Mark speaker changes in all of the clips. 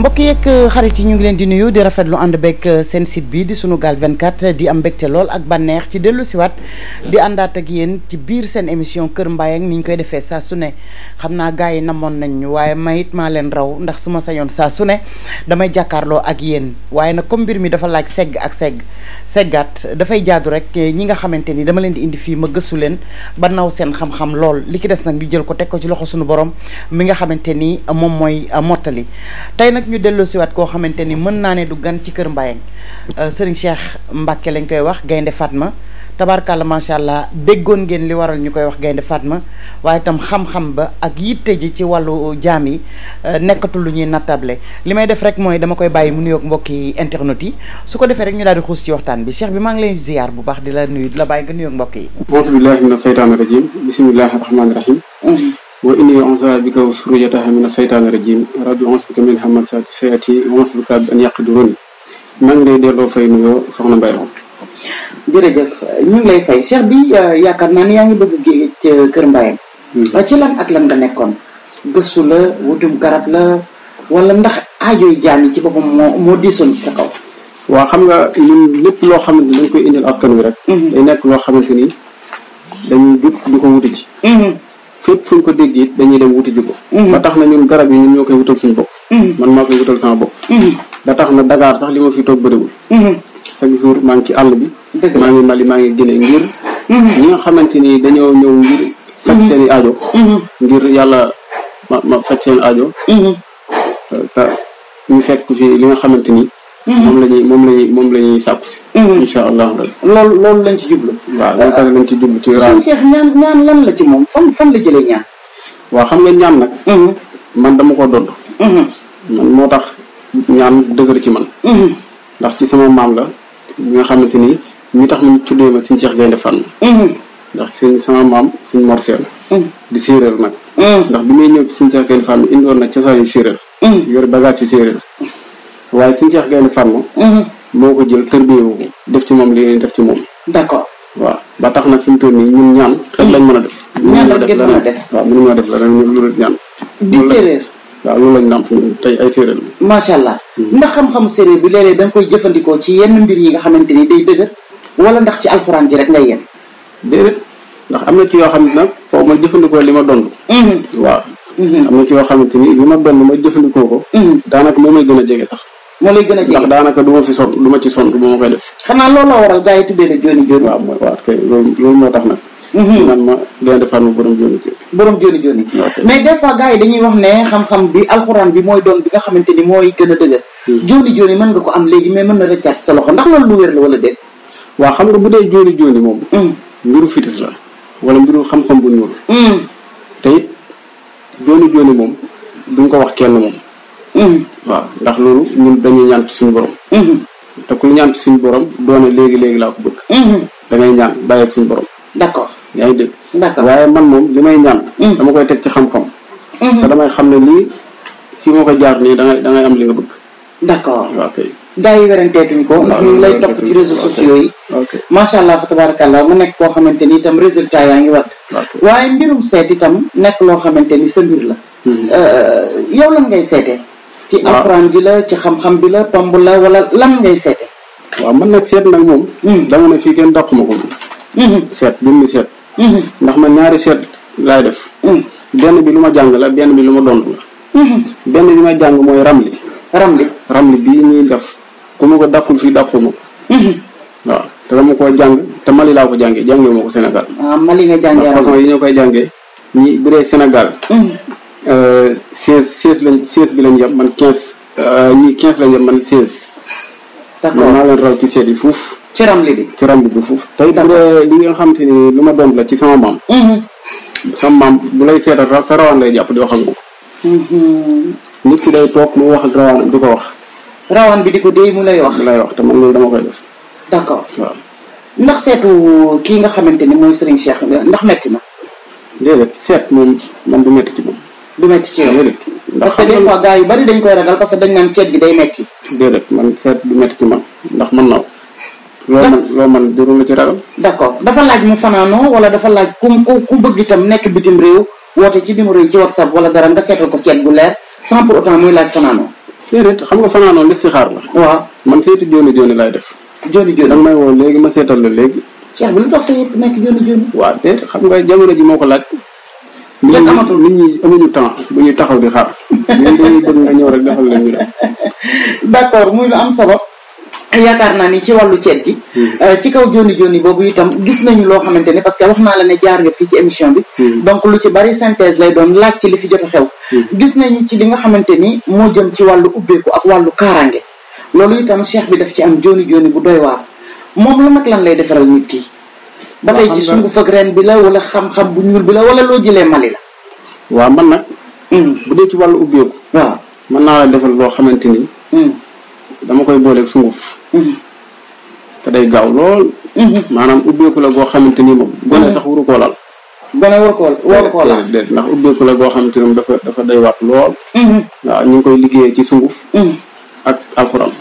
Speaker 1: mbokk yeeg euh, xarit yi ñu ngi leen di nuyu di rafetlu ànd beeg euh, seen site bi di Sunugal 24 di am mbégte lool ak bànneex ci dellu siwaat di àndaat ak yéen ci biir seen émission Kër mbay ak ni ñu koy defee saa su ne xam naa gars yi namoon nañ ñu waaye mayit maa leen raw ndax su ma sañoon su ne damay jàkkaarloo ak yéen waaye nag comme mbir mi dafa laaj segg ak segg seggaat dafay jaadu rek eh, ñi nga xamante ni dama leen di indi fii ma gësu leen ba naw seen xam-xam lool li ki des nag ñu jël ko teg ko ci loxo suñu borom mi nga xamante ni moom mooy mottali ñu delloosiwaat koo xamante ni mën naa ne du gan ci kër Mbayang euh, sëriñ Cheikh Mbacke lañ koy wax gaynde Fatma tabarkàlla macha allah déggoon ngeen li waral ñu koy wax gaynde Fatma waaye itam xam-xam ba ak yitte ji ci wàllu jaam yi euh, nekkatul lu ñuy nattable li may def rek mooy dama koy bàyyi mu nuyoog mbokki internet yi su ko defee rek ñu daal di xuus ci waxtaan bi seex bi maa ngi lay ziar bu baax di la nuyu di la bàyyi nga nuyoog mbokk yi.
Speaker 2: auzu billahi mina wa inni onsa bika wa suriyataha min asaytaani rajim rabbi ons bika min hamasati sayati ons bika bi an yaqduruni maa ngi lay delloo fay ñu lay fay cheikh bi euh, yaakaar naa ni yaa
Speaker 1: ngi bëgg géej euh, kër Mbaye hmm. euh, ci lan ak lan nga nekkoon gëstu la wutum garab
Speaker 2: la wala ndax aajoy jaam yi ci boppam moo moo diisoon ci sa kaw waaw xam nga lépp loo xamante ni dañ koy indil askan wi rek hmm. day nekk loo xamante ni ci fépp fuñ ko dégg it dañuy dem wuti ji ko mhm. ba tax na ñun garab yi ñun ñoo koy wutal suñu bopp mhm. man maa koy wutal sama bopp mhm. ba tax na Dakar sax li ma fi toog bëriwul chaque jour maa ngi ci àll bi maa ngi Mali maa ngi Guinée ngir ñi nga ni dañoo ñëw ngir faj seen i aajo ngir yàlla ma ma faj seen aajo euh, te ñu fekk fi li nga xamante Mhm. moom la ñuy moom la ñuy moom la ñuy sàkku si. Mhm. incha allahu rabbi loolu loolu lañ ci jublu. waaw loolu tamit lañ ci jublu ci. suñu Cheikh ñaan ñaan lan la ci moom fan fan la jëlee ñaan. waaw xam nga ñaan nag. Mhm. man dama ko dodd. man moo tax ñaan dëgër ci man. ndax ci sama maam la bi nga xamante ni ñu tax ñu tuddee ma suñu Cheikh Gaynde Fatma. ndax seen sama maam suñ morsee la di séeréer nag. ndax bi may ñëw ci suñu Cheikh Gaynde Fatma indi woon na cosaanu séeréer. yor bagage ci séeréer. waaye si Cheikh Gaynde Fatma. Mhm. moo ko jël tërbiyee ko def ci moom li ngeen def ci moom. d'accord waaw ba tax nag fi mu toll nii ñun ñaan rek lañ mën a def. Mhm. ñaan rek def waaw mënu ñu lu ñaan. di séeréer. waaw loolu lañ naan tey ay séeréer la. macha allah mhm. ndax xam-xam séeréer bi léeg-léeg koy jëfandikoo ci yenn mbir yi nga xamante ni day dëgër wala ndax ci alxuraan ji rek ngay yem. déedéet ndax am na ci yoo xam ne nag foo ma jëfandikoo li ma dond. waaw. am na ci yoo xamante ni li ma dond ma jëfandikoo ko. daanaka moom lay gën a jege sax. moo lay gën a jege daanaka du ma fi son du ma ci son bu ma koy def. xanaa loolu la waral gars yi tuddee nag. Mm-hmm. man ma
Speaker 1: wax ne xam-xam bi alxuraan mooy doon bi nga xamante ni mooy gën a dëgër. jooni mm-hmm. jooni mën nga ko am léegi mais na rëccaat sa loxo
Speaker 2: ndax xam nga bu dee jooni jooni moom. Mm. mbiru fitis la. wala mbiru xam-xam bu ñuul. Mm. te it jooni jooni moom duñ ko wax kenn moom. Mm. waaw ndax loolu ñun dañuy ñaan ci suñu borom. Mhm. te kuy ñaan ci doone léegi léegi laa ko bëgg. Mhm. da ngay ñaan bàyyi ak suñu borom. d' accord yaa ngi dégg. d' accord waaye man moom li may ñaan. Mhm. dama koy teg ci xam-xam. te damay xam ne lii fii moo ko jaar nii da ngay da ngay am li bëgg. d' accord waaw kay. gaa weranteetuñ ko ndax
Speaker 1: ñu lay topp ci réseaux sociaux yi macha allah fa tabarakallah mu nekk koo xamante ni itam résultat yaa ngi war waaye mbirum seet itam nekk loo xamante ni sa la euh, ci ah. alxuraan ji la ci xam-xam bi la tomb la wala lan ngay seete
Speaker 2: waaw man nag seet nag moom hmm. dama ne fii kenn daquma ko hmm. seet bi mu seet hmm. ndax man ñaari seet laay def benn bi lu ma jàng la benn bi lu ma dond la benn bi ma jàng mooy ramli ramli ramli bii ñuy def ku ma ko dàqul fii dàquma ko waaw te dama koo jàng te Mali laa ko jàngee jàngee ma ko Sénégal
Speaker 1: ah, Mali nga jàngee façon yi
Speaker 2: ñu koy jàngee ñi bu dee Sénégal Euh, seize seize lañ seize bi lañ yem man quinze euh, ñii quinze lañ yem man seize. d'accord maa leen raw ci seet yi fuuf. ci ramli bi ci ramli bi fuuf. li nga xam te ni lu ma doon la ci sama maam. Mm-hmm. sama maam bu lay seetal sa rawaan lay jàpp di wax ak moom.
Speaker 3: Mm-hmm.
Speaker 2: nit ki day toog mu wax ak rawaan ko wax. rawaan bi di ko dee mu lay wax. mu lay wax te man loolu dama
Speaker 1: koy def. d'accord waaw. ndax seetu kii nga xamante ni mooy Serigne Cheikh ndax
Speaker 2: metti na. déedéet seet moom man du metti ci moom. du métti ci yow. parce que des fois gars yu bari dañ koy ragal parce que dañ naan ceeb bi day métti. déedéet man ceeb du métti ci man ndax mën
Speaker 1: naa ko. man loo man ci ragal. d' accord dafa laaj mu fanaanoo wala dafa laaj ku ku ku bëgg itam nekk bitim réew woote ci numéro yi ci whatsapp wala dara nga seetal ko ceeb bu leer
Speaker 2: sans pour autant muy laaj fanaanoo. déedéet xam nga fanaanoo listixaar la. waaw man seeti jooni jooni laay def. jooni jooni ma seetal la léegi. ceeb bi lu tax sax yëpp nekk jooni jooni. waaw déet ko laaj. léegi amatul nit ñi amuñu temps bu ñuy taxaw di xaar. léegi ñëw rek defal la ñu d' accord muy am sabab. yaakaar naa
Speaker 1: ni ci wàllu ceet gi. Hmm. Euh, ci kaw joni joni boobu itam gis nañu loo xamante ne parce que wax naa la ne jaar nga fii ci émission bi. Hmm. donc lu ci bari synthèse lay doon laaj ci li fi jot a xew. Hmm. gis nañu ci li nga xamante ni moo jëm ci wàllu ubbeeku ak wàllu kaaraange loolu itam cheikh bi def ci am joni joni bu doy waar moom la nag lan lay defaral nit ki. ba tey ci sunguf ak ren bi la wala
Speaker 2: xam-xam bu ñuul bi la wala loo jëlee Mali la. waaw man nag. Hmm. bu dee ci wàll ubbeeku. waaw mën naa la defal loo xamante ni. Hmm. dama koy booleeg sunguf. Hmm. te day gaaw lool. maanaam ubbeeku la goo xamante ni moom. sax waru koo laal. gone war war koo laal ndax ubbeeku la goo xamante ni moom dafa dafa day waat lool. waaw ñu koy liggéeyee ci sunguf. ak alxuraan.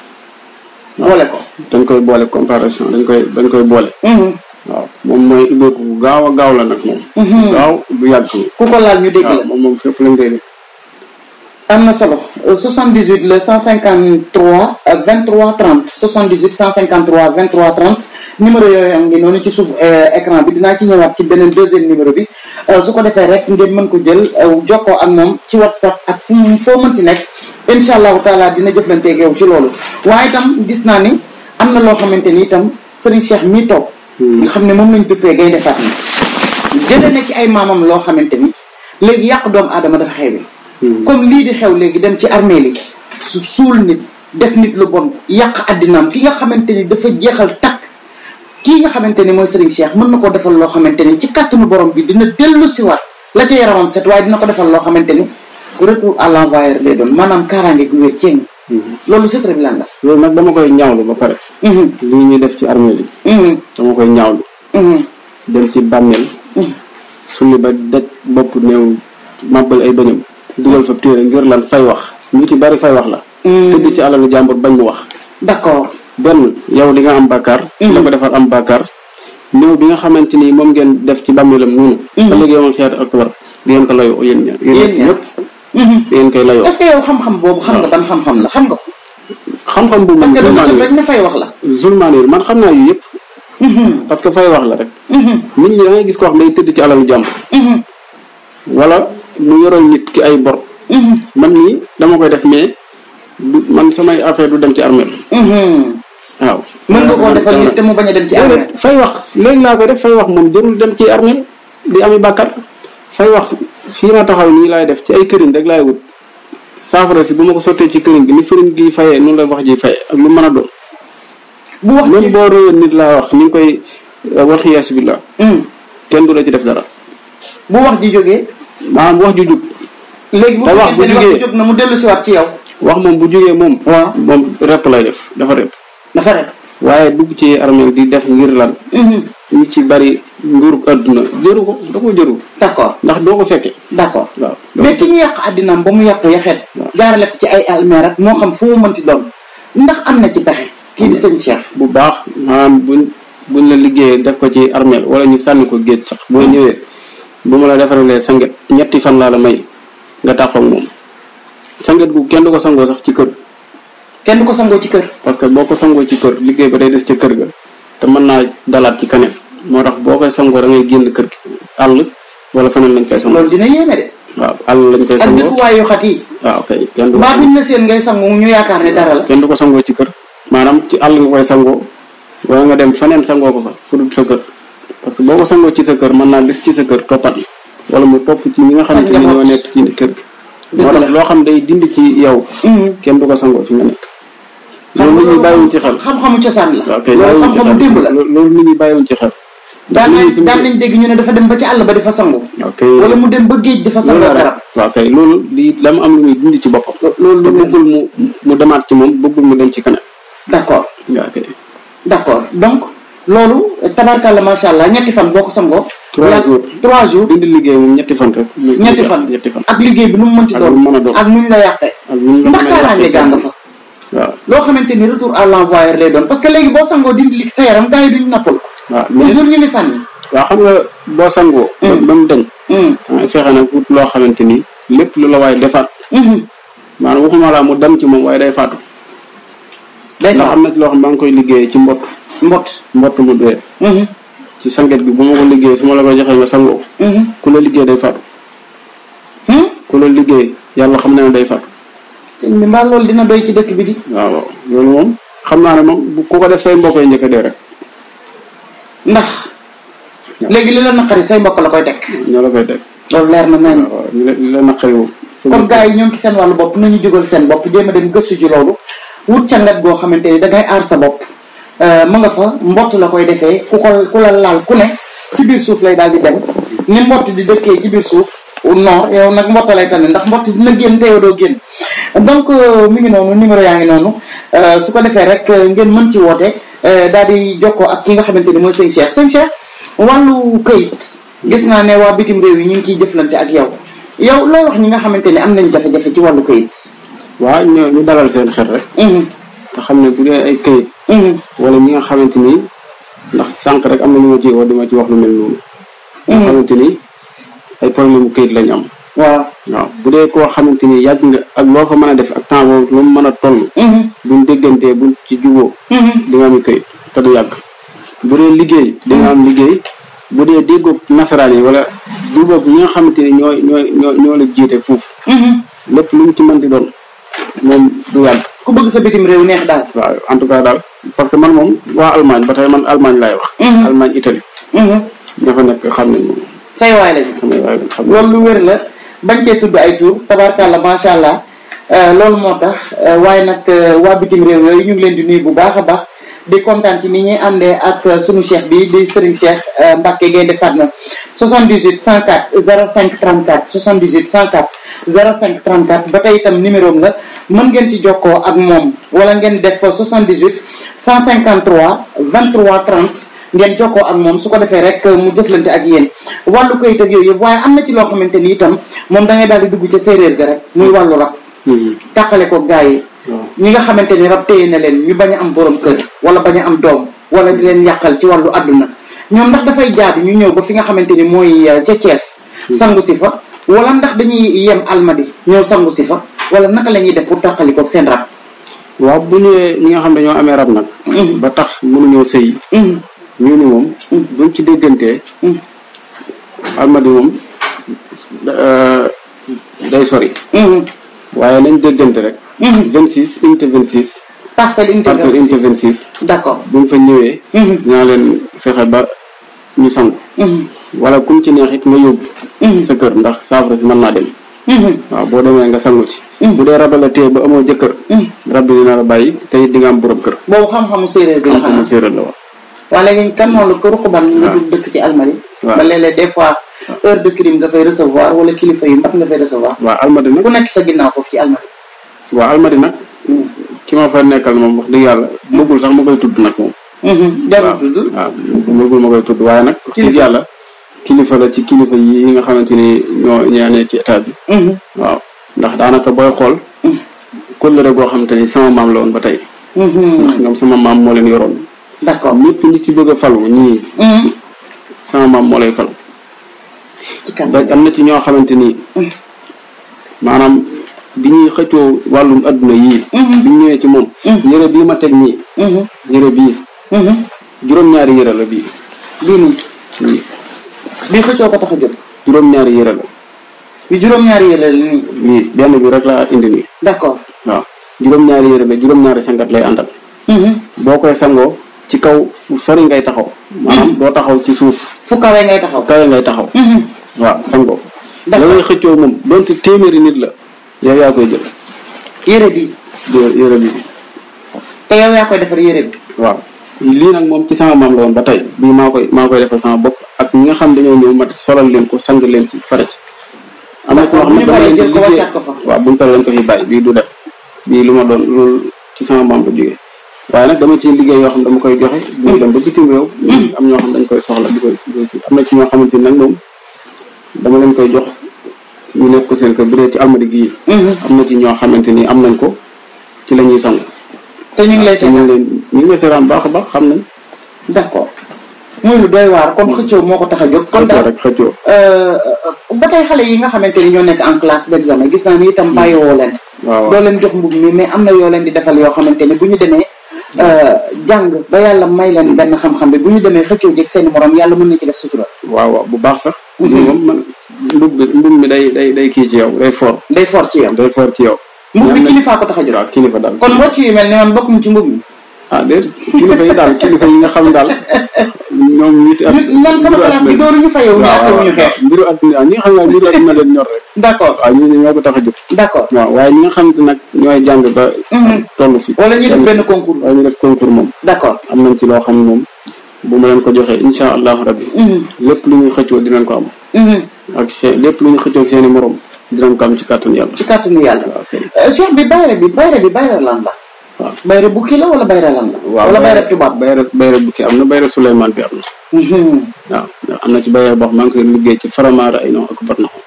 Speaker 2: boole ko dañ koy boole comparaison dañ koy dañ koy boole mm-hmm. waaw moom mooy ubbeeku bu gaaw a gaaw la nag moom mm-hmm. gaaw bu yàgg ku ko laal ñu dégg la moom moom fépp lañ koy def am
Speaker 1: na solo 78 euh, le 153 23 30 78 153 23 30 numéro yooyu am ngi noonu ci suuf euh, écran bi dinaa ci ñëwaat ci beneen deuxième numéro bi euh, su ko defee rek ngeen mën ko jël jokkoo ak moom ci whatsapp ak fu mu foo mën ci nekk incha allahu taala dina jëflanteeg yow ci loolu waaye tam gis naa ni am na loo xamante ni itam Serigne Cheikh mii toog hmm. nga xam ne moom lañ duppee ngay defar ni jëlee na ay maamam loo xamante ni léegi yàq doomu aadama dafa xewee comme lii di xew léegi dem ci armée li su suul nit def nit lu bon yàq addinaam ki nga xamante ni dafa jeexal takk kii nga xamante ni mooy Serigne Cheikh mën na koo defal loo xamante ni ci kàttanu borom bi dina dellu si waat la ca yaramam set waaye dina ko defal loo xamante ni retour à l'envoyeur lay
Speaker 2: doon maanaam kaaraange gu wér ceeñ mm-hmm. loolu secret bi lan la loolu nag dama koy ñaawlu ba pare mm-hmm. lii ñuy def ci armée bi mm-hmm. dama koy ñaawlu dem ci bàmmeel suñu ba daj bopp néew màbbal ay bëñam dugal fa téere ngir lan fay wax ñu ci bari fay wax la tëdd ci alalu jàmbur bañ mu wax d'accord benn yaw di nga am bàkkaar la ko defal am bàkkaar néew bi nga xamante ni moom ngeen def ci bàmmeelam noonu ba léegi yow moom xeet ak war di ngeen ko da mhm. ngeen koy layoo. est
Speaker 1: yow xam-xam boobu xam nga ban xam-xam la xam nga ko. xam-xam boobu moom zulmaanir parce
Speaker 2: que wax la. zulmaanir man xam naa yu yëpp. Mhm. parce que fay wax la rek. Mhm. nit ñi da ngay gis koo xam day tëdd ci alalu jàmm. wala mu yoral nit ki ay bor. man nii dama koy def mais man samay affaire du dem ci armée waaw mën nga koo defal nit te mu a dem ci armée fay wax léegi laa koy def fay wax moom jërul dem ci armée di ami bàkkat say wax fii ma taxaw nii laay def ci ay këriñ rek laay wut saafara si bu ma ko sottee ci këriñ gi ni këriñ gi fayee noonu la wax ji faye ak lu man a doon. bu boo réyoon nit laa wax ni ngi koy euh, wax yees bi la. Hmm. kenn du la ci def dara.
Speaker 1: bu wax ji jógee.
Speaker 2: maanaam wax ju jug. léegi bu wax bu jógee na mu dellu siwaat ci yow. wax moom bu jógee moom. waaw moom rep lay def dafa rep. waaye dugg ci armeel di def ngir lan ñu mhm. ci bari nguur adduna jëru ko da ko jëru accord ndax doo ko fekke d' accord waaw mais ki ñu yàq addinaam ba mu yàq yaxeet jaarale ko ci ay almeer ak moo xam foo mënti doon ndax am na ci pexe kii di sëñ bu baax maanaam bu buñ la liggéeyee def ko ci armeel wala ñu sànni ko géej sax boo mhm. ñëwee bu ma la defaralee sanget ñetti fan laa la may nga tàqoog moom sanget gu kenn ko sangoo sax ci kër kenn du ko sangoo ci kër. parce que boo ko sangoo ci kër liggéey ba day des ca kër ga te mën naa dalaat ci kanam moo tax boo koy sangoo da génn kër gi àll wala feneen lañ koy sangoo. loolu dina yéeme de. waaw àll lañ koy sangoo ak dëkkuwaay yu xat yi. waaw kay kenn seen ngay sangoo ñu yaakaar ne dara la. kenn ko sangoo ci kër maanaam ci àll nga koy sangoo wala nga dem feneen sangoo ko fa fu dul sa kër parce que boo ko sangoo ci sa kër mën naa des ci sa kër toppat wala mu topp ci ñi nga xam xamante ni ñoo nekk ci kër gi moo tax loo xam day dindi ci yow mm-hmm. kenn du sangoo fi nga nekk
Speaker 1: loolu nit ñi bàyyiwuñ ci xel xam-xamu cosaan la loolu xam la loolu nit ñi bàyyiwuñ ci xel daan nañ daan nañ dégg ñu ne dafa dem ba ci àll ba defa sangoo sangu wala mu dem ba géej dafa sangoo garab
Speaker 2: waaw kay loolu li dam mu am lu muy dindi ci boppam loolu lu bëggul mu mu demaat ci moom bëggul mu dem ci kanam d'accord waaw kay
Speaker 1: d'accord donc loolu tabarkàlla macha allah ñetti fan boo ko sangoo trois jours trois jours dindi liggéey moom ñetti fan rek. ñetti fan ñetti fan ak liggéey bi nu mu mën ci doon ak nu ñu la ak nu ñu la yàqee ndax kaaraange gaa nga fa loo xamante ni retour à l'envoyeur lay doon parce que léegi boo sangoo dindi li sa yaram gars yi duñu nappal ko mm. ba
Speaker 2: mu mm. dañ fexe nag ut loo xamante ni lépp lu la waay defaat mm-hmm. maanaam waxuma laa mu dem ci moom waaye day faatu day faatu xam na loo xam maa ngi koy liggéeyee ci mbott mbott mbott mu dee mm-hmm. ci sanget bi bu ma ko liggéey su ma la ko joxee nga sangoo mhm. ku la liggéey day faatu hmm? ku la liggéey yàlla xam na day faatu te mbaa loolu dina doy ci dëkk bi di waaw loolu moom xam naa ne moom ku ko def say mbokk
Speaker 1: yi njëkk dee rek ndax léegi li la naqari say mbokk la koy teg ñoo la koy loolu leer na nañ li la naqari moom kon gars yi ñoom ci seen wàllu bopp nañu jógal seen bopp jéem a dem gëstu ci loolu wut cangat goo xamante ni dangay aar sa bopp Euh, ma nga fa mbott la koy defee ku ko ku la laal ku ne ci biir suuf lay daal di dem ni mbott di dëkkee ci biir suuf non yow nag mbott lay tane ndax mbott dina génn te yow doo génn donc euh, mi ngi noonu numéro yaa ngi noonu euh, su ko defee rek ngeen mën ci woote daal di jokkoo ak ki nga xamante ni mooy sëñ Cheikh sëñ Cheikh wallu kayit gis naa ne waa bitim réew yi ñu ngi ciy jëflante ak yow yow looy wax ñi nga xamante ne am nañ jafe-jafe ci wàllu këyit
Speaker 2: waaw ñu dalal seen xel xam ne bu dee ay Mm-hmm. wala ñi nga xamante ni ndax sànq rek am na ñu ma jéego di ma ci wax lu mel noonu. Mm-hmm. nga xamante ni ay problème bu këyit lañ am. waaw waaw bu dee koo xamante ni yàgg nga ak loo ko mën a def ak temps boobu mën a toll. Mm-hmm. buñ déggantee buñ ci juboo di nga am këyit te du yàgg. bu dee liggéey di nga am liggéey. bu dee déggoo nasaraan yi wala du ñi nga xamante ni ñooy ñooy ñoo ñoo la jiite foofu. lépp lu mu ci mën di doon. moom du yàgg. ku bëgg sa bitim réew neex daal. waaw en tout cas daal parce que man moom waa Allemagne ba tey man Allemagne laay wax. Mhm. Allemagne Italie. ña mhm. fa nekk xam nañ moom. say waay lañ. samay waay lañ xam nañ loolu lu wér la bañ cee tudd ay tur tabaarkàlla macha allah
Speaker 1: euh, loolu moo tax euh, waaye nag euh, waa bitim réew yooyu ñu ngi leen di nuyu bu baax a baax. di kontaan ci ni ñuy àndee ak euh, sunu cheikh bi di Serigne Cheikh euh, Mbacke Gaynde Fatma 78 104 05 34 78 104 05 34 ba tey itam numéro am la mën ngeen ci jokkoo ak moom wala ngeen def 78 153 23 30 ngeen jokkoo ak moom su ko defee rek euh, mu jëflante ak yéen wàllu kayit ak yooyu yëpp waaye am na ci loo xamante ni itam moom da ngay daal di dugg ca séeréer ga rek muy wàllu rab. Hmm. tàqale ko gaa yi. ñi nga xamante ni rab téye na leen ñu bañ am borom kër wala bañ am doom wala di leen yàqal ci wàllu àdduna ñoom ndax dafay jaadu ñu ñëw ba fi nga xamante ni mooy euh, ca Thiès hmm. sangu si fa wala ndax dañuy yem almadi ñoo sangu si fa wala naka
Speaker 2: la ñuy def pour tàqalikoog seen rab waaw bu ñëwee ñi nga xam ne dañoo amee rab nag hmm. ba tax mënuñoo sëy hmm. ñu ni moom buñ ci déggantee almadi moom euh, day sori waaye nañ déggante rek. 26 unité 26. parcelle unité 26 parcelle unité d' accord bu mu fa ñëwee. ñaa mhm. leen fexe ba ñu sangu. Mhm. wala kum ci neex it nga yóbbu. Mhm. sa kër ndax saafara si man naa dem. waaw boo demee nga sangu si bu dee rab la téye ba amoo jëkkër. rab bi dina la bàyyi te it di nga am borom kër. boobu xam-xamu séeréer bi la xam-xamu séeréer la waaw. waaye léegi kan moo la kër xuban. nga dëkk ci almari. waaw heure de crime nga fay recevoir wala kilifa yu mag nga fay recevoir. waaw almadi nag ku nekk sa ginnaaw ki ma fa nekkal moom wax dëgg yàlla bëggul sax ma koy tudd nag moom. Mhm, jarul tudd waaw bëggul ma koy tudd waaye nag. wax dëgg yàlla kilifa la ci kilifa yi nga xamante ni ñoo ñaanee ci état bi. Mhm. waaw ndax daanaka booy xool. Mhm. kóllëre goo xamante ni sama maam la woon ba tey.
Speaker 3: ndax ñoom
Speaker 2: sama maam moo leen yoroon. d'accord ñëpp ñi ci bëgg a falu ñii. sama maam moo lay falu. ci kanam am na ci ñoo xamante ni. maanaam bi ñuy xëccoo wàllum àdduna yii. Mm-hmm. bi ñu ñëwee ci moom. Mm-hmm. yére bii ma teg nii. Mm-hmm. yére bii. juróom-ñaari yére la bii. bii nii. bii xëccoo juróom-ñaari yére la. bi juróom-ñaari yére la nii. nii benn bi rek laa indi nii. d'accord waaw juróom-ñaari yére la juróom-ñaari sangat lay àndal. boo koy sangoo ci kaw fu sori ngay taxaw. maanaam doo taxaw ci suuf. fu kawe ngay taxaw kawe ngay taxaw. waaw sangoo. ndax la xëccoo moom donte téeméeri nit la. yow yaa koy jël. yére bi. yére bi. te waaw lii nag moom ci sama maam la woon ba tey bii maa koy maa koy defal sama bopp ak ñi nga xam dañoo ñëw mat solal leen ko sang leen ci pare ci. am na ci wax ne leen ko wàccaat ko fa. waaw buñ paree lañ lu ma doon loolu ci sama maam la jógee. waaye nag dama ci liggéey yoo xam dama koy joxe. bu ñu dem ba bitim réew. Hmm. am ñoo dañ koy soxla am na ci ñoo xamante ni nag moom. dama leen koy jox ñu nekk ko seen kër bu dee ci almadi gii. Mhm. am na ci ñoo xamante ni am nañ ko ci la ñuy sangu. te ñu ngi lay seeraan ñu ngi lay seeraan baax baax xam nañ. d' accord muy lu doy waar kon xëccoo moo ko tax a jóg. kon daal rek xëccoo.
Speaker 1: Euh, euh, ba tey xale yi nga xamante ni ñoo nekk en classe d' examen gis naa ni itam bàyyiwoo leen. doo leen jox mbub mi mais am na yoo leen di defal yoo xamante ni bu ñu demee. Euh, jàng ba yàlla
Speaker 2: may leen benn xam-xam bi bu ñu demee xëccoo jëg seen morom yàlla mën na ci def sutura waaw waaw bu baax sax mm-hmm. moom man mbub bi mbub mi day day day kii ci yow day for day for ci yow day for ci yow mbub bi ko tax a jot waaw kilifa daal kon wàcc yu mel ne man bokkum ci mbub mi ah déet kilifa yi daal kilifa yi nga xam daal ñoom nit ak man sama classe bi dooru ñu fayow ñaatawuñu xeex mbiru adduna ah, ñi nga xam ne mbiru adduna leen ñor rek d' accord waaw ñu ne ñoo ko tax a jóg d' accord waaw waaye ñi nga xam ne nag ñooy jàng ba mhm. toll fi wala ñu def benn concours moom d' am nañ ci loo xam moom bu ma leen ko joxee incha allahu rabbi mhm. lépp lu ñuy xëccoo dinañ ko am mhm. ak seen i morom dinañ ko am ci kàttanu yàlla ci kàttanu yàlla waaw bayra bukki la wala bayra lan la. waaw wala bayra tubaab bayra bukki am na bayra Souleymane bi am na. Mhm. waaw am na ci bayra boo xam maa koy liggéey ci faramaara ay noonu ak barnaxu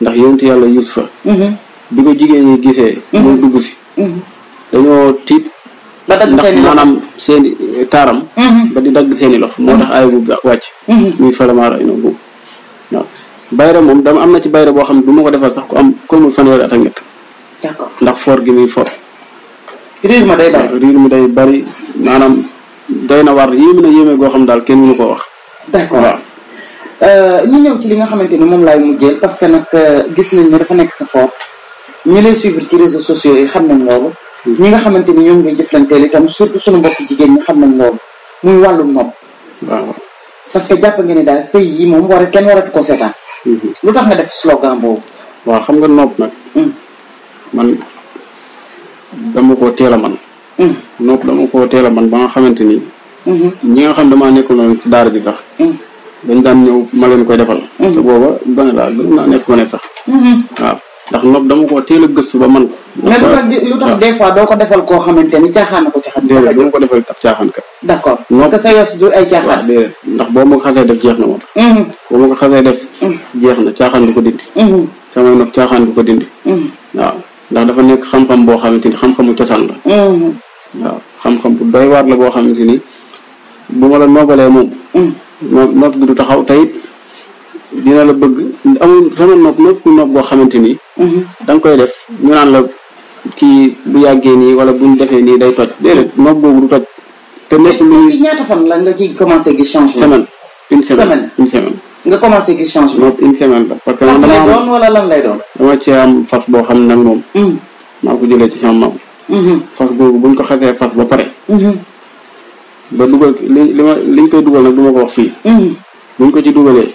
Speaker 2: ndax yonentu yàlla Yuusufa mhm. bi ko jigéen ñi gisee. Mhm. muy dugg si. dañoo tiit. ba dagg ndax maanaam seen i eh, taaram. ba di dagg seeni i loxo moo tax aay bu wàcc. muy faramaara ay noonu boobu waaw. moom dama am na ci bayra boo xam ne du ma ko defal sax ko am ku amul fanweeri at
Speaker 1: ak
Speaker 2: ndax for gi muy for. riir ma day bari riir ma day bari maanaam doy na war yéeme na yéeme goo xam daal kenn mënu ko wax. d'accord waaw. Euh, ñu ñëw ci li nga xamante
Speaker 1: ni moom laay mujjee parce que nag euh, gis nañ ne dafa nekk sa fort ñu leen suivre ci réseaux sociaux yi xam nañ loolu. Hmm. ñi nga xamante ni ñoom ngay jëflanteel itam surtout suñu mbokk jigéen ñi xam nañ loolu muy wàllum nopp. waaw parce que jàpp nga ni daal sëy yi moom war a kenn waratu ko seetaan.
Speaker 2: Hmm. lu tax nga def slogan boobu. waaw xam nga nopp nag. Hmm. dama ko teel a man mm. nopp dama ko teel a man ba nga xamante ni mm-hmm. ñi nga xam damaa nekkoon na ci daara ji sax mm. dañ daan ñëw ma leen koy defal mm-hmm. te booba gone laa gën naa nekk gone sax mm-hmm. waaw ndax koo teel a gëstu ba man ko mais lu tax des doo ko defal koo xamante ni caaxaan ko caaxaan déedéet dama ko defal ab caaxaan kat d'accord parce que sa yos du ay caaxaan déedéet ndax boo ma ko xasee def jeex na moo tax boo ma ko xasee def jeex na caaxaan du ko dindi sama nopp caaxaan du ko dindi waaw ndax dafa nekk xam-xam boo xamante ni xam-xamu cosaan la. Mm-hmm. waaw xam-xam bu doy waar la boo xamante ni bu ma la noobalee moom. Mm-hmm. noo nopp du taxaw tey dina la bëgg amul sama nopp nopp boo xamante ni. Mm-hmm. da koy def ñu naan la kii bu yàggee nii wala bu defee nii day toj déedéet nopp boobu du toj. te nekk lu la nga ciy commencé
Speaker 1: semaine
Speaker 2: une semaine une semaine. nga commencé gis changement. moom une semaine la parce que. fas boo xam ne nag moom. Hmm. maa jëlee ci sama maam. Hmm. ko xasee fas ba pare. Hmm. ba dugal li koy dugal nag du ma ko wax ko ci dugalee.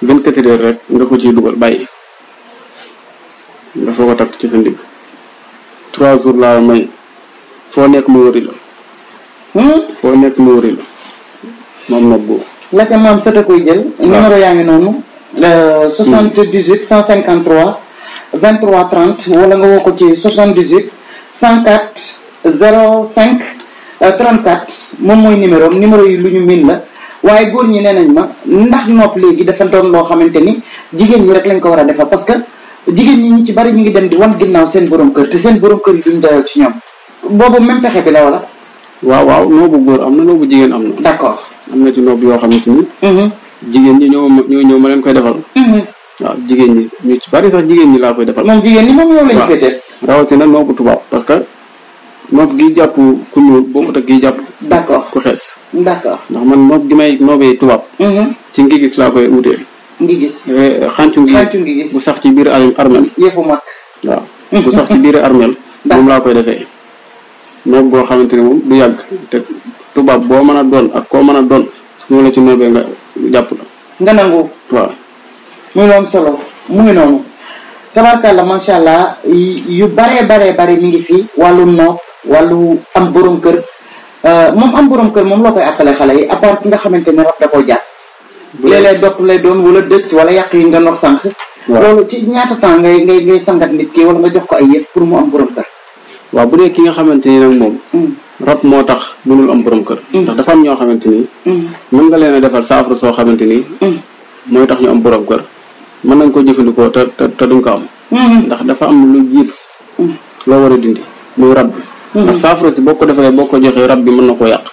Speaker 2: vingt quatre ko ciy dugal bàyyi. nga foog a ci sa ndigg trois jours laa may foo nekk mu wëri foo nekk mu wëri la moom boobu. la ca maam sët a koy jël. numéro yaa ngi noonu.
Speaker 1: 78 153 23 30 wala nga woo ko ci 78 104 05 34 moom mooy numéro am numéro yi lu ñu miin la waaye góor ñi nee nañ ma ndax nopp léegi dafa doon loo xamante ni jigéen ñi rek lañ ko war a defal parce que jigéen ñi ñu ci bari ñu ngi dem di wan ginnaaw seen borom kër te seen borom
Speaker 2: kër yi duñ doyal ci ñoom boobu même pexe bi la wala. waaw waaw noobu góor am na noobu jigéen am na. am na ci nopp yoo xamante mhm. jigéen ñi ñoo ñoo ma leen koy defal. Mhm. waaw jigéen ñi ñu ci bari sax jigéen ñi laa koy defal. moom jigéen ñi moom yow lañ féetee. rawatina noobu tubaab parce que noob gi jàpp ku ñuul bokkut ak gi jàpp. d' accord ku xees. ndax man noob gi may noobee tubaab. Mhm. ci ngi gis laa koy wutee. ngi gis ngi gis bu sax ci biir armel. yëfu mag waaw bu sax ci biir armel. moom laa koy defee noob goo xamante moom du yàgg tubaab boo mën a doon ak koo mën a doon suñu la ci noobee nga jàpp la nga nangu
Speaker 1: waaw solo mu ngi noonu tabarkàlla macha allah yu baree baree bari mi ngi fii wàllu nopp wàllu am borom kër euh, moom am borom kër moom loo koy appelé xale yi à part nga xamante ne rab da koo jàpp léeg-léeg dott lay doon wala dëcc wala yàq yi nga ndox sànq loolu ci ñaata temps ngay sangat nit kii wala nga jox ko ay yëf pour mu am borom kër
Speaker 2: waaw bu dee ki nga xamante ni nag moom hmm. rab moo tax mënul am borom kër. Mm. ndax dafa am ñoo xamante ni. Mm. mën nga leen a defal saafara soo xamante ni. Mm. mooy tax ñu am boroom kër. mën nañ ko jëfandikoo te te ko am. ndax dafa am lu jiitu. loo war a dindi muy rab bi. ndax saafara si boo ko defalee boo ko joxee rab bi mën na koo yàq.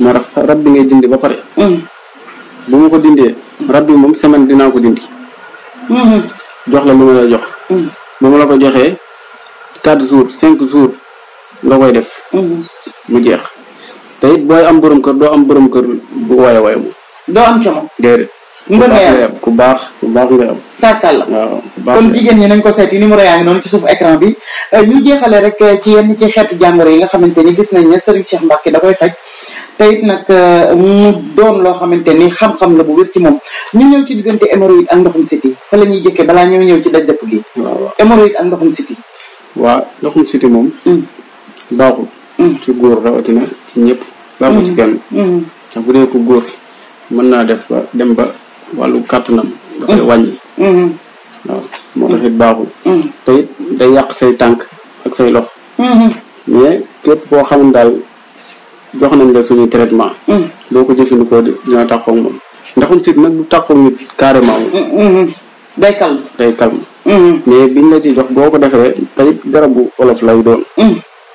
Speaker 2: moo tax rab bi ngay dindi ba pare. bu ma ko dindee rab bi moom semaine dinaa ko dindi. Mm-hmm. jox la lu ma la jox. bu ma la ko joxee quatre jours cinq jours. nga koy def mm-hmm. mu jeex te it booy am borom kër doo am borom kër bu waye waye mu doo am como déedéet
Speaker 1: mbër nga yam
Speaker 2: ku baax ku baax
Speaker 1: nga am tàkkal la waaw kon jigéen ñi nañ ko seeti numéro yaa ngi ci suuf écran bi euh, ñu jeexale rek euh, ci yenn ci xeetu jàngoro yi nga xamante ni gis nañ ne Serigne Cheikh Mbacke da koy faj te it nag euh, mu doon loo xamante ni xam-xam la bu wér ci moom ñu ñëw ci diggante hémorroïde ak ndoxum
Speaker 2: siti fa la ñuy jëkkee balaa ñëw ñëw ci daj dëpp gi hémorroïde ak ndoxum siti waaw ndoxum siti moom mm. baaxul mm. ci góor rawatina ci ñëpp baaxul ci mm. kenn sax mm. bu dee ko góor mën naa def ba dem ba wàllu kàttanam da koy wàññi waaw moo tax baaxul te day yàq say tànk ak say lox mais képp koo xam daal jox nañ la suñu traitement boo ko jëfandikoo dina taxaw moom ndaxum sit nag lu taxaw nit carrément moom day calme day calme mais biñ la ci jox boo ko defee tey garab bu olof lay doon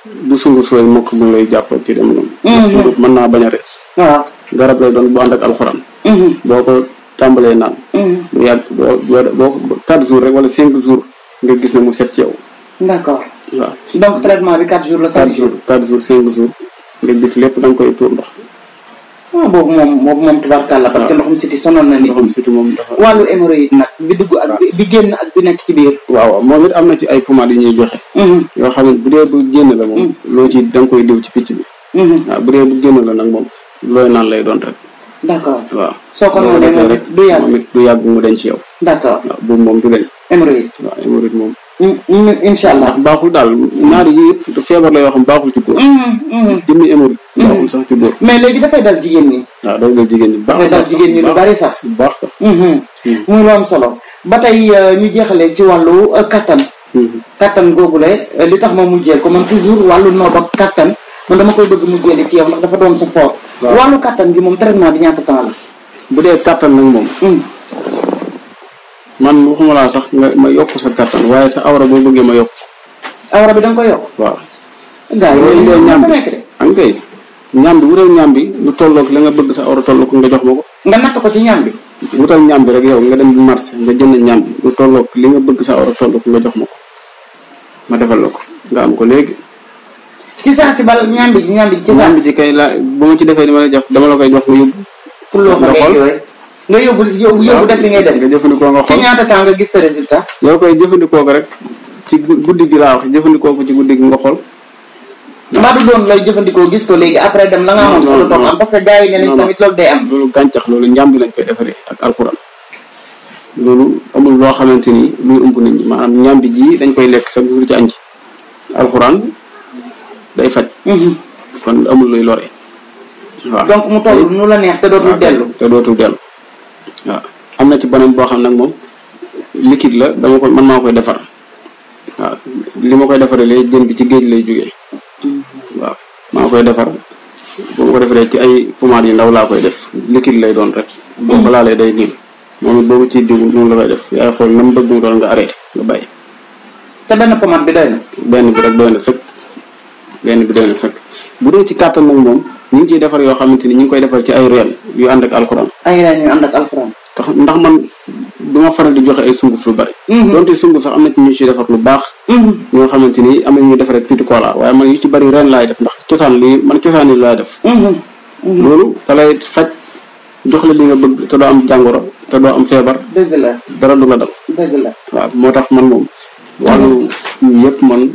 Speaker 2: du sunguf lay mokk bu lay jàpp ki man noonu mhm. sunguf mën naa bañ a rees waaw garab lay doon bu ànd ak alxuraan mhm. boo ko tàmbalee naan mhm. mu boo boo quatre jours rek wala cinq jours nga gis ne mu set ci yow d'accord waaw donc traitement bi quatre jours la cinq jours quatre jours nga gis lépp da nga koy tuur ndox waaw boobu moom boobu moom tubaarkàlla parce que ndoxum siti sonoon na nit ndoxum siti moom dafa wàllu hémorroïde nag bi dugg ak bi génn ak bi nekk ci biir waaw moom it am na ci ay pommades yi joxe mm-hmm. yoo xam ne bu génn la moom mm-hmm. mm-hmm. moom looy naan lay doon rek d'accord waaw soo ko noonee du yàgg mu denc ci yow d'accord moom du deñ hémorroïde waaw moom incha allah baaxul daal ñaari yi yëpp feebar la yoo xam baaxul ci ko mm-hmm, mm-hmm. jëmmi émori. baaxul mm-hmm. mais léegi dafay dal jigéen ñi. waaw ah, dafay dal jigéen ñi baax dafay dal jigéen ñi lu bari sax. baax sax. muy lu solo
Speaker 1: ba tey euh, ñu jeexalee ci wàllu euh, kattan. kattan googu la euh, li tax ma mujjee ko man toujours wàllu noob ak kattan man dama koy bëgg mujjee di ci yow ndax dafa doon sa fort. wàllu kattan gi moom traitement bi ñaata temps la.
Speaker 2: bu dee kattan nag moom. Mm. man waxuma laa sax nga ma yokk sa kàttan waaye sa awra boo bëggee ma yokk. awra bi da nga ko yokk. waaw. gars yi loolu dee ñaam bi am kay ñaam la nga bëgg sa awra tolloog nga jox ma ko. nga natt ko ci ñaam bi. wutal ñaam bi rek yow nga dem marché nga jënd ñaam bi lu tolloog li nga bëgg sa awra tolloog nga jox ma ko ma defal la ko nga am ko léegi. ci saa si bal ñaam bi ci ñaam bi ci kay la bu ma ci defee ni ma la jox dama la koy jox nga yóbbu. pour loo nga yóbbu yóbbu yóbbu def li ngay def. nga jëfandikoo nga xool ci ñaata temps nga gis sa résultat. yow koy jëfandikoo ko rek ci guddi gi laa wax jëfandikoo ko ci guddi gi nga xool. mbaa du doon lay jëfandikoo gis ko léegi après dem la nga amoon solo toog am que gars yi ne nañ tamit loolu day am. loolu gàncax njàmbi lañ koy defaree ak alxuraan loolu amul loo xamante ni muy ëmb nit ñi maanaam ñàmbi ji dañ koy lekk sa jur ci añ ci alxuraan day faj. Mhm. kon amul luy lore. waaw donc mu toll nu la neex te dootul dellu. te dootul dellu. waaw am na ci beneen boo xam nag moom liquide la dama ko man maa koy defar waaw li ma koy defaree léegi jën bi ci géej lay jógee mm-hmm. waaw maa koy defar bu ma ko defaree ci ay pommades yu ndaw laa koy def liquide lay doon rek. boobu mm-hmm. laa lay day nii moom it boobu ciy diw noonu la koy def yaay xool nam bëgg mu doon nga arrêté nga bàyyi. te benn pommade bi doy na. benn bi rek doy na sëkk benn bi doy na sëkk bu dee ci kàttan nag moom. ñu ngi ciy defar yoo xamante ni ñu koy defar ci ay reen yu ànd ak alxuraan. ay reen yu ànd ak tax ndax man du ma faral di joxe ay sunguf lu bari. Mhm. donte sunguf sax am na ci ñu ciy defar lu baax. ñoo mhm. xamante ni am na ñu defaree tuuti koolaa waaye man yu ci bari reen laay def ndax cosaan lii man cosaan yi laay def. Mhm. loolu da lay faj jox la li nga bëgg te doo am jàngoro te doo am feebar. dëgg la dara du la dal. dëgg la moo tax man moom wàllu yëpp man.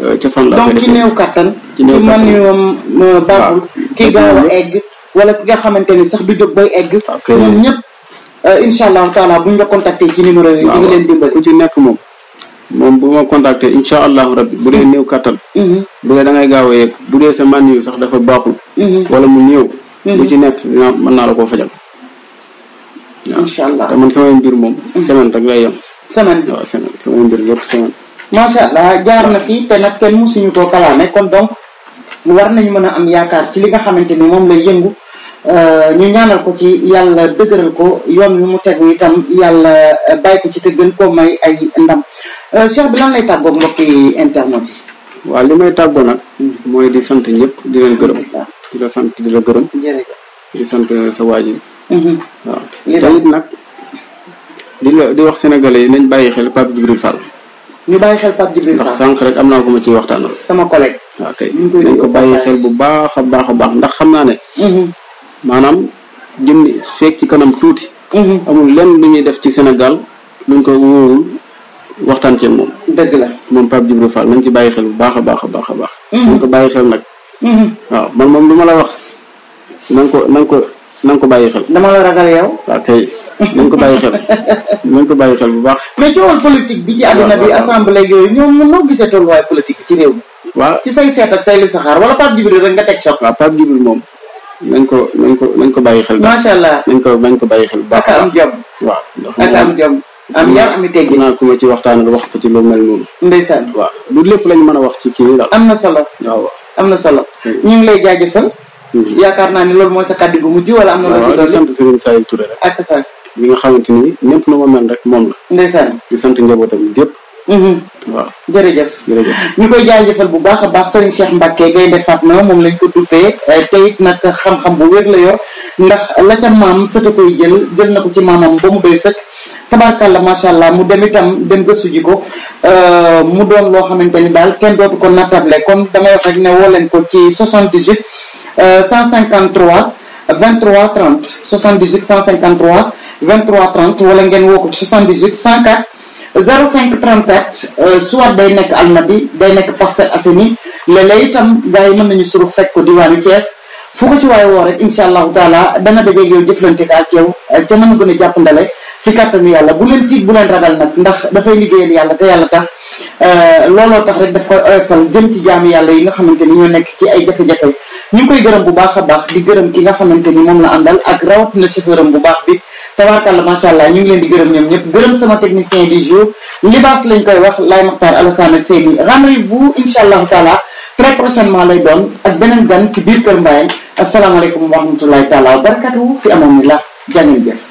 Speaker 2: Euh, cosaan la donc ci néew
Speaker 1: kattan. ci néew kattan ci
Speaker 2: man euh, baaxul.
Speaker 1: ki gaaw a egg. wala ki nga xamante ni sax du jóg bay egg. ok ñoom ñëpp. Euh, incha allahu taala bu ñu
Speaker 2: la contacté ci numéro yooyu. waaw di nga leen dimbali ku ci nekk moom. moom bu ma contacté incha allahu rabbi bu dee néew kattan. Mhm. bu dee da ngay gaaw a yegg bu dee sa man yu sax dafa baaxul. Mhm. wala mu néew. bu mhm. ci nekk dinaa mën naa la koo fajal. incha allah te man samay mbir moom. semaine rek lay yem. semaine waaw semaine samay mbir yëpp semaine. macha allah jaar na fii
Speaker 1: te nag kenn musuñu koo kalaame kon donc mu war nañu mën a am yaakaar ci li nga xamante ni moom lay yëngu euh, ñu ñaanal ko ci yàlla dëgëral ko yoon wi mu tegu itam yàlla euh, bàyyi ko ci te gën koo may ay ndam euh, Cheikh bi lan lay tàggoog mbokki internet
Speaker 2: yi. waaw li may tàggoo nag. mooy di sant ñëpp di leen gërëm. di la sant di la gërëm. di sant sa waa ji. Mm-hmm. waaw tamit nag di la di wax sénégalais yi nañ bàyyi xel Pape Djibril Fall. ñu bàyyi xel Pape Djibril ndax sànq rek am naa ko ma ciy waxtaanal. sama collègue. waaw kay nañ ko bàyyi xel bu baax a baax a baax ndax xam naa ne. Mm-hmm. maanaam jëm feeg ci kanam tuuti. Mm-hmm. amul lenn lu ñuy def ci Sénégal luñ ko wóorul waxtaan ceeg moom. dëgg la moom Pape Djibril Fall nañ ci bàyyi xel bu baax a baax a baax a baax. Mm-hmm. nañ ko bàyyi xel nag. waaw man moom lu ma la wax na ko na ko na ko bàyyi xel. dama la ragal kay. nañ ko bàyyi xel ko bàyyi xel bu baax.
Speaker 1: mais coowal politique bi ci àdduna bi assemblée yooyu ñoom noo gisee tolluwaay
Speaker 2: politique ci réew mi. waaw ci say seet say li saxaar wala Pape Djibril rek nga teg choc. waaw Pape moom nañ ko nañ ko nañ ko bàyyi xel. macha allah nañ ko nañ ko bàyyi xel bu baax. ak am jom waaw ak am jom. am yar ami teggi naa ku ma ci waxtaanal wax ko ci lu mel noonu. ndeysaan waaw du lépp lañu mën a wax ci kii daal. am na solo waaw am na solo. Hmm. ñu ngi lay jaajëfal. Hmm. yaakaar
Speaker 1: naa ni loolu mooy sa kàddu bu mujj na.
Speaker 2: sa. bi nga xamante ni ñëpp nu ma mel rek moom la. ndeysaan di sant njabootam yëpp. Mhm. waaw jërëjëf
Speaker 1: ñu koy jaajëfal bu baax a baax Serigne Cheikh Mbacke Gaynde Fatma moom lañ ko tuddee eh, te it nag xam-xam bu wér la yor ndax la ca maam sëta koy jël jël na ko ci maamam ba mu doy sëkk la macha allah mu dem itam dem gëstu ji ko euh, mu doon loo xamante ni daal kenn dootu ko nattable comme damay wax rek ne woo leen ko ci 78 153 euh, 23 30 78 153 23 30 wala ngeen woo ko ci 78 104 05 34 soit day nekk Almadi day nekk Parcelles Assainies léeg-léeg itam gars yi mën nañu suru fekk ko diwaanu Thiès fu ko ci waaye woo rek incha allahu taala dana dajeeg yow jëflante ka ak yow euh, ca mën gën a jàppandale ci kàttanu yàlla bu leen tiit bu leen ragal nag ndax dafay liggéeyal yàlla te yàlla tax euh, looloo tax rek daf koy oyofal jëm ci jaamu yàlla yi nga xamante ni ñoo nekk ci ay jafe-jafe ñu ngi koy gërëm bu baax a baax di gërëm ki nga xamante ni moom la àndal ak rawatina chauffeuram bu baax bi tabarkàlla macha allah ñu ngi leen di gërëm ñoom ñëpp gërëm sama technicien du jour libaas lañ koy wax Laye Makhtar Alassane ak Seyni rendez-vous incha allahu taala très prochainement lay doon ak beneen gan ci biir Kër Mbaye asalaamaaleykum wa rahmatulahi taala wa barakatuhu fi amoon ni la jàngeen